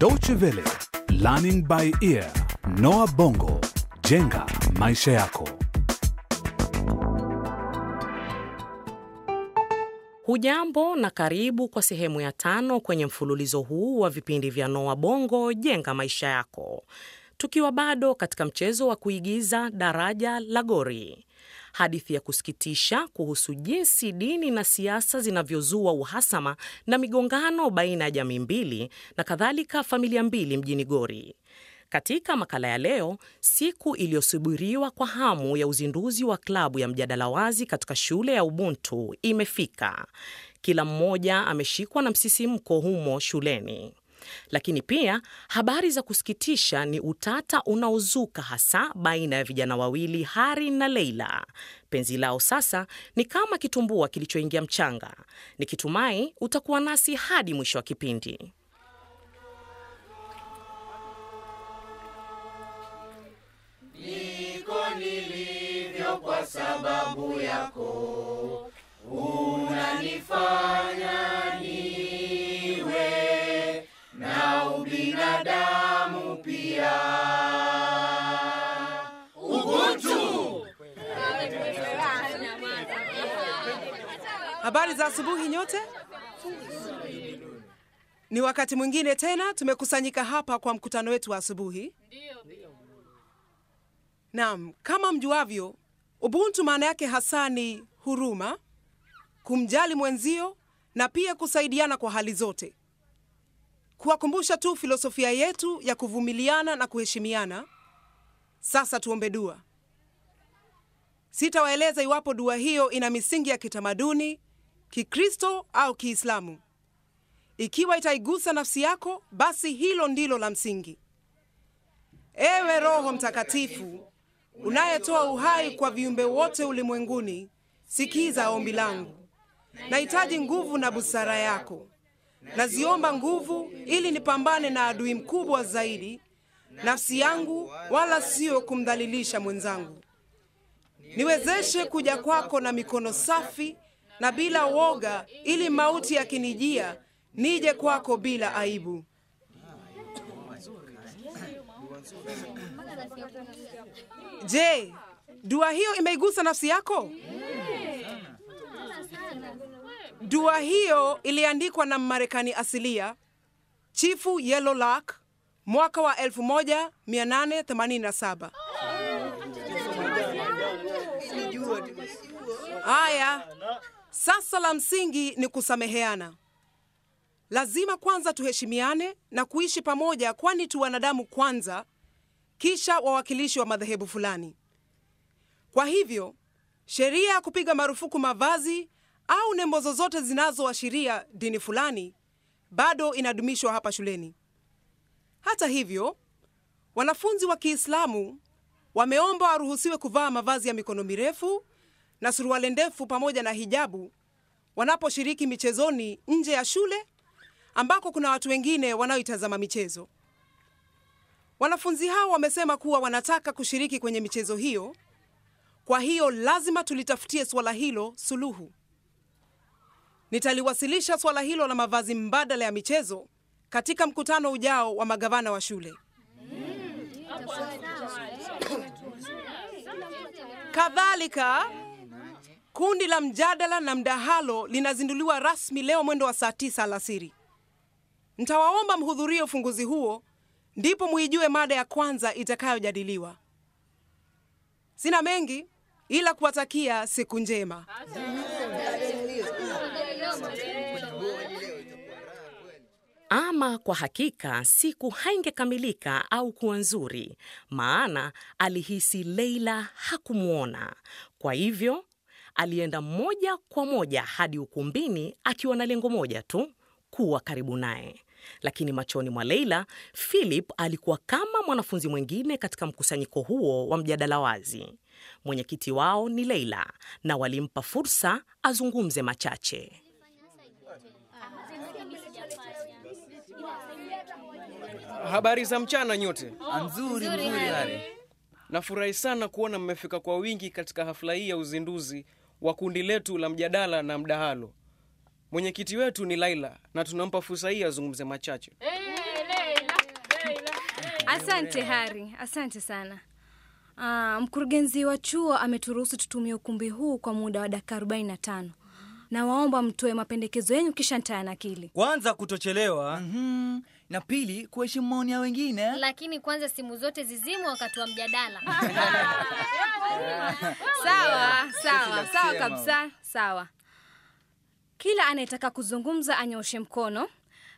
Deutsche Welle, Learning by Ear, Noah Bongo, Jenga Maisha Yako. Hujambo na karibu kwa sehemu ya tano kwenye mfululizo huu wa vipindi vya Noah Bongo, Jenga Maisha Yako. Tukiwa bado katika mchezo wa kuigiza daraja la gori hadithi ya kusikitisha kuhusu jinsi dini na siasa zinavyozua uhasama na migongano baina ya jamii mbili na kadhalika, familia mbili mjini Gori. Katika makala ya leo, siku iliyosubiriwa kwa hamu ya uzinduzi wa klabu ya mjadala wazi katika shule ya Ubuntu imefika. Kila mmoja ameshikwa na msisimko humo shuleni. Lakini pia habari za kusikitisha ni utata unaozuka hasa baina ya vijana wawili Hari na Leila. Penzi lao sasa ni kama kitumbua kilichoingia mchanga. Nikitumai utakuwa nasi hadi mwisho wa kipindi. Niko nilivyo kwa sababu yako unanifaa Habari za asubuhi nyote. Ni wakati mwingine tena tumekusanyika hapa kwa mkutano wetu wa asubuhi. Naam, kama mjuavyo, ubuntu maana yake hasa ni huruma, kumjali mwenzio na pia kusaidiana kwa hali zote. Kuwakumbusha tu filosofia yetu ya kuvumiliana na kuheshimiana. Sasa tuombe dua. Sitawaeleza iwapo dua hiyo ina misingi ya kitamaduni Kikristo au Kiislamu. Ikiwa itaigusa nafsi yako, basi hilo ndilo la msingi. Ewe Roho Mtakatifu unayetoa uhai kwa viumbe wote ulimwenguni, sikiza ombi langu. Nahitaji nguvu na busara yako. Naziomba nguvu ili nipambane na adui mkubwa zaidi, nafsi yangu, wala siyo kumdhalilisha mwenzangu. Niwezeshe kuja kwako na mikono safi na bila woga, ili mauti yakinijia nije kwako bila aibu. Je, dua hiyo imeigusa nafsi yako? Dua hiyo iliandikwa na Mmarekani asilia Chifu Yellow Lark mwaka wa 1887. Haya. Sasa la msingi ni kusameheana. Lazima kwanza tuheshimiane na kuishi pamoja, kwani tu wanadamu kwanza, kisha wawakilishi wa madhehebu fulani. Kwa hivyo sheria ya kupiga marufuku mavazi au nembo zozote zinazoashiria dini fulani bado inadumishwa hapa shuleni. Hata hivyo, wanafunzi wa Kiislamu wameomba waruhusiwe kuvaa mavazi ya mikono mirefu na suruali ndefu pamoja na hijabu wanaposhiriki michezoni nje ya shule ambako kuna watu wengine wanaoitazama michezo. Wanafunzi hao wamesema kuwa wanataka kushiriki kwenye michezo hiyo, kwa hiyo lazima tulitafutie suala hilo suluhu. Nitaliwasilisha suala hilo la mavazi mbadala ya michezo katika mkutano ujao wa magavana wa shule. Kadhalika Kundi la mjadala na mdahalo linazinduliwa rasmi leo mwendo wa saa tisa alasiri. Ntawaomba mhudhurie ufunguzi huo, ndipo muijue mada ya kwanza itakayojadiliwa. Sina mengi ila kuwatakia siku njema. Ama kwa hakika siku haingekamilika au kuwa nzuri, maana alihisi Leila hakumwona. Kwa hivyo alienda moja kwa moja hadi ukumbini akiwa na lengo moja tu, kuwa karibu naye. Lakini machoni mwa Leila, Philip alikuwa kama mwanafunzi mwingine katika mkusanyiko huo wa mjadala wazi. Mwenyekiti wao ni Leila na walimpa fursa azungumze machache. Habari za mchana nyote. Ah, nzuri, nzuri. Nafurahi sana kuona mmefika kwa wingi katika hafla hii ya uzinduzi wa kundi letu la mjadala na mdahalo. Mwenyekiti wetu ni Laila na tunampa fursa hii azungumze machache. Asante Hari, asante sana. Aa, ah, mkurugenzi wa chuo ameturuhusu tutumie ukumbi huu kwa muda wa dakika 45 nawaomba mtoe mapendekezo yenyu kisha nitayanakili. Kwanza, kutochelewa mm -hmm na pili kuheshimu maoni ya wengine. Lakini kwanza simu zote zizimu wakati wa mjadala. Sawa sawa sawa kabisa, sawa. Kila anayetaka kuzungumza anyoshe mkono.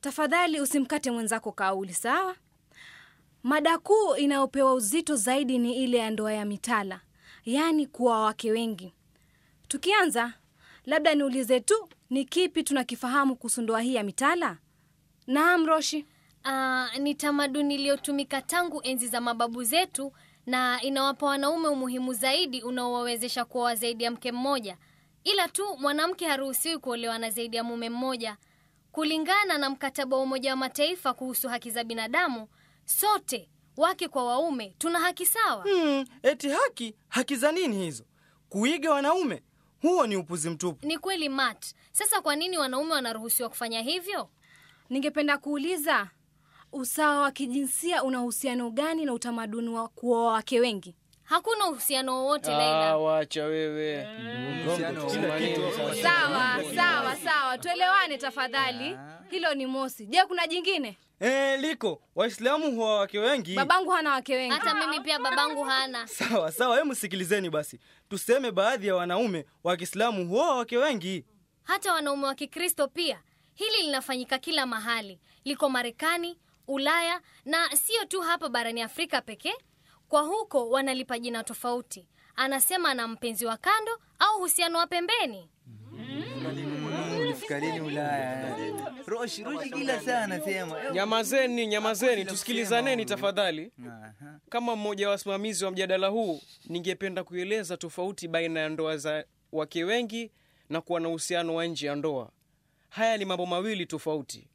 Tafadhali usimkate mwenzako kauli, sawa? Mada kuu inayopewa uzito zaidi ni ile ya ndoa ya mitala, yaani kuwa wake wengi. Tukianza Labda niulize tu, ni kipi tunakifahamu kuhusu ndoa hii ya mitala? Naam, Roshi. Uh, ni tamaduni iliyotumika tangu enzi za mababu zetu na inawapa wanaume umuhimu zaidi unaowawezesha kuoa zaidi ya mke mmoja, ila tu mwanamke haruhusiwi kuolewa na zaidi ya mume mmoja. Kulingana na mkataba wa Umoja wa Mataifa kuhusu haki za binadamu, sote wake kwa waume tuna haki sawa. Hmm, eti haki? Haki za nini hizo? Kuiga wanaume? Huo ni upuzi mtupu. Ni kweli Matt. Sasa kwa nini wanaume wanaruhusiwa kufanya hivyo? Ningependa kuuliza usawa wa kijinsia una uhusiano gani na utamaduni wa kuoa wake wengi? Hakuna uhusiano wowote ah, Laila. Wacha wewe. Mm. Sawa sawa sawa, tuelewane tafadhali. Ah. Hilo ni mosi. Je, kuna jingine? Eh, liko Waislamu huwa wake wengi. Babangu hana wake wengi. Hata mimi pia babangu hana. Sawa sawa, hebu sikilizeni basi, tuseme baadhi ya wanaume wa Kiislamu huwa wake wengi, hata wanaume wa Kikristo pia. Hili linafanyika kila mahali, liko Marekani, Ulaya na sio tu hapa barani Afrika pekee. Kwa huko wanalipa jina tofauti, anasema ana mpenzi wa kando au uhusiano wa pembeni. Eh, nyamazeni, nyamazeni, tusikilizaneni tafadhali. Kama mmoja wa wasimamizi wa mjadala huu, ningependa kueleza tofauti baina ya ndoa za wake wengi na kuwa na uhusiano wa nje ya ndoa. Haya ni mambo mawili tofauti.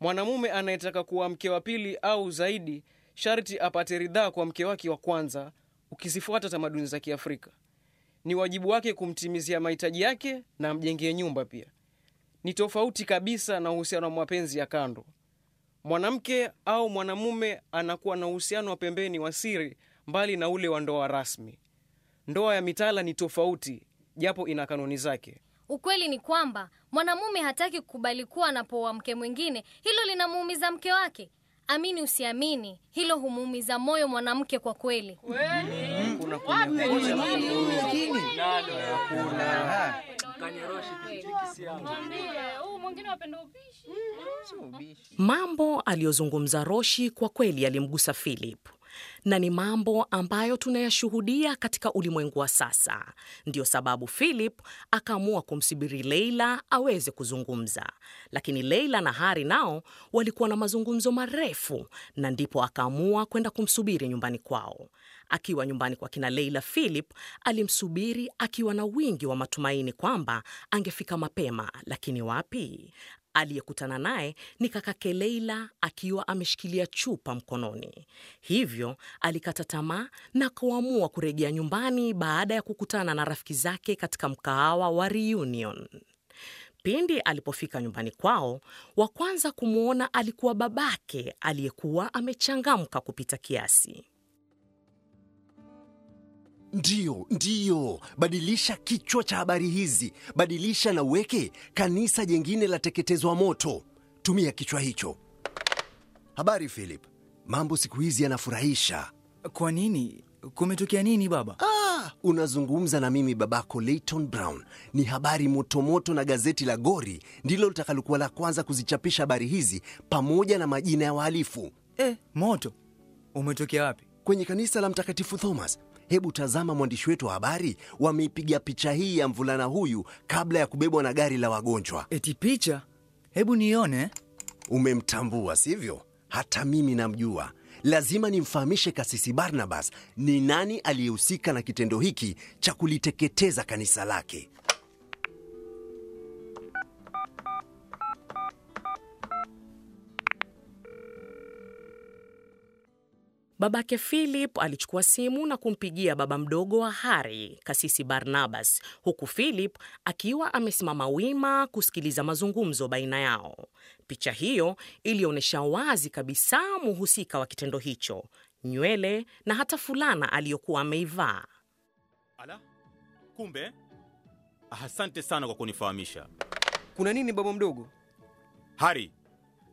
Mwanamume anayetaka kuwa mke wa pili au zaidi sharti apate ridhaa kwa mke wake wa kwanza, ukizifuata tamaduni za Kiafrika. Ni wajibu wake kumtimizia mahitaji yake na amjengee nyumba pia. Ni tofauti kabisa na uhusiano wa mapenzi ya kando. Mwanamke au mwanamume anakuwa na uhusiano wa pembeni wa siri, mbali na ule wa ndoa rasmi. Ndoa ya mitala ni tofauti, japo ina kanuni zake. Ukweli ni kwamba mwanamume hataki kukubali kuwa anapoa mke mwingine. Hilo linamuumiza mke wake. Amini usiamini, hilo humuumiza moyo mwanamke kwa kweli. Mambo aliyozungumza Roshi kwa kweli alimgusa Philip na ni mambo ambayo tunayashuhudia katika ulimwengu wa sasa. Ndiyo sababu Philip akaamua kumsubiri Leila aweze kuzungumza, lakini Leila na Hari nao walikuwa na mazungumzo marefu, na ndipo akaamua kwenda kumsubiri nyumbani kwao. Akiwa nyumbani kwa kina Leila, Philip alimsubiri akiwa na wingi wa matumaini kwamba angefika mapema, lakini wapi, Aliyekutana naye ni kaka Keleila akiwa ameshikilia chupa mkononi, hivyo alikata tamaa na kuamua kurejea nyumbani baada ya kukutana na rafiki zake katika mkahawa wa Reunion. Pindi alipofika nyumbani kwao, wa kwanza kumwona alikuwa babake aliyekuwa amechangamka kupita kiasi ndio ndio badilisha kichwa cha habari hizi, badilisha na uweke kanisa jengine la teketezwa moto. Tumia kichwa hicho. Habari Philip, mambo siku hizi yanafurahisha. Kwa nini? Kumetokea nini baba? Ah, unazungumza na mimi babako Layton Brown. Ni habari motomoto na gazeti la Gori ndilo litakalokuwa la kwanza kuzichapisha habari hizi pamoja na majina ya wahalifu. Eh, moto umetokea wapi? Kwenye kanisa la Mtakatifu Thomas Hebu tazama mwandishi wetu wa habari, wameipiga picha hii ya mvulana huyu kabla ya kubebwa na gari la wagonjwa. Eti picha? Hebu nione. Umemtambua sivyo? Hata mimi namjua. Lazima nimfahamishe Kasisi Barnabas ni nani aliyehusika na kitendo hiki cha kuliteketeza kanisa lake. Babake Philip alichukua simu na kumpigia baba mdogo wa hari Kasisi Barnabas, huku Philip akiwa amesimama wima kusikiliza mazungumzo baina yao. Picha hiyo ilionyesha wazi kabisa muhusika wa kitendo hicho, nywele na hata fulana aliyokuwa ameivaa. Ala, kumbe! Asante sana kwa kunifahamisha. Kuna nini baba mdogo? Hari,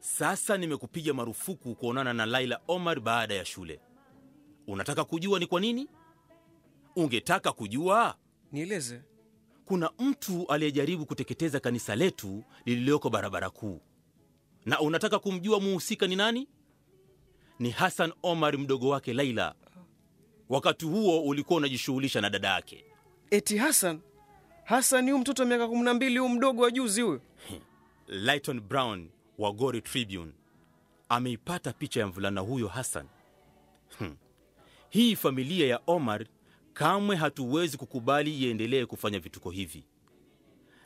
sasa nimekupiga marufuku kuonana na Laila Omar baada ya shule. Unataka kujua ni kwa nini? Ungetaka kujua? Nieleze. Kuna mtu aliyejaribu kuteketeza kanisa letu lililoko barabara kuu. Na unataka kumjua muhusika ni nani? Ni Hassan Omar, mdogo wake Laila. Wakati huo ulikuwa unajishughulisha na dada yake. Eti Hassan? hasan huyu mtoto wa miaka 12 huyu mdogo wa juzi huyu? Hm. lighton Brown wa Gori Tribune ameipata picha ya mvulana huyo Hassan. Hmm. Hii familia ya Omar kamwe hatuwezi kukubali iendelee kufanya vituko hivi.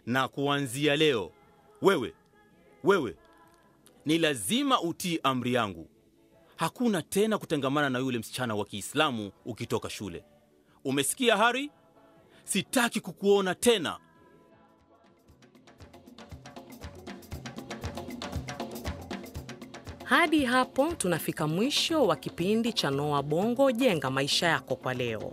Na kuanzia leo, wewe wewe, ni lazima utii amri yangu. Hakuna tena kutangamana na yule msichana wa Kiislamu ukitoka shule. Umesikia Hari? Sitaki kukuona tena. Hadi hapo tunafika mwisho wa kipindi cha Noa Bongo jenga maisha yako kwa leo.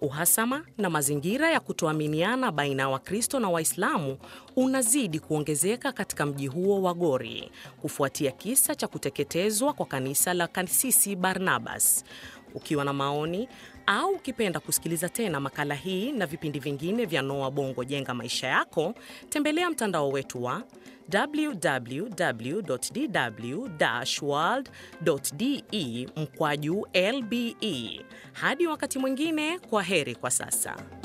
Uhasama na mazingira ya kutoaminiana baina ya Wakristo na Waislamu unazidi kuongezeka katika mji huo wa Gori kufuatia kisa cha kuteketezwa kwa kanisa la Kasisi Barnabas. Ukiwa na maoni, au ukipenda kusikiliza tena makala hii na vipindi vingine vya Noa Bongo Jenga Maisha Yako, tembelea mtandao wetu wa www.dw-world.de mkwaju lbe. Hadi wakati mwingine, kwa heri kwa sasa.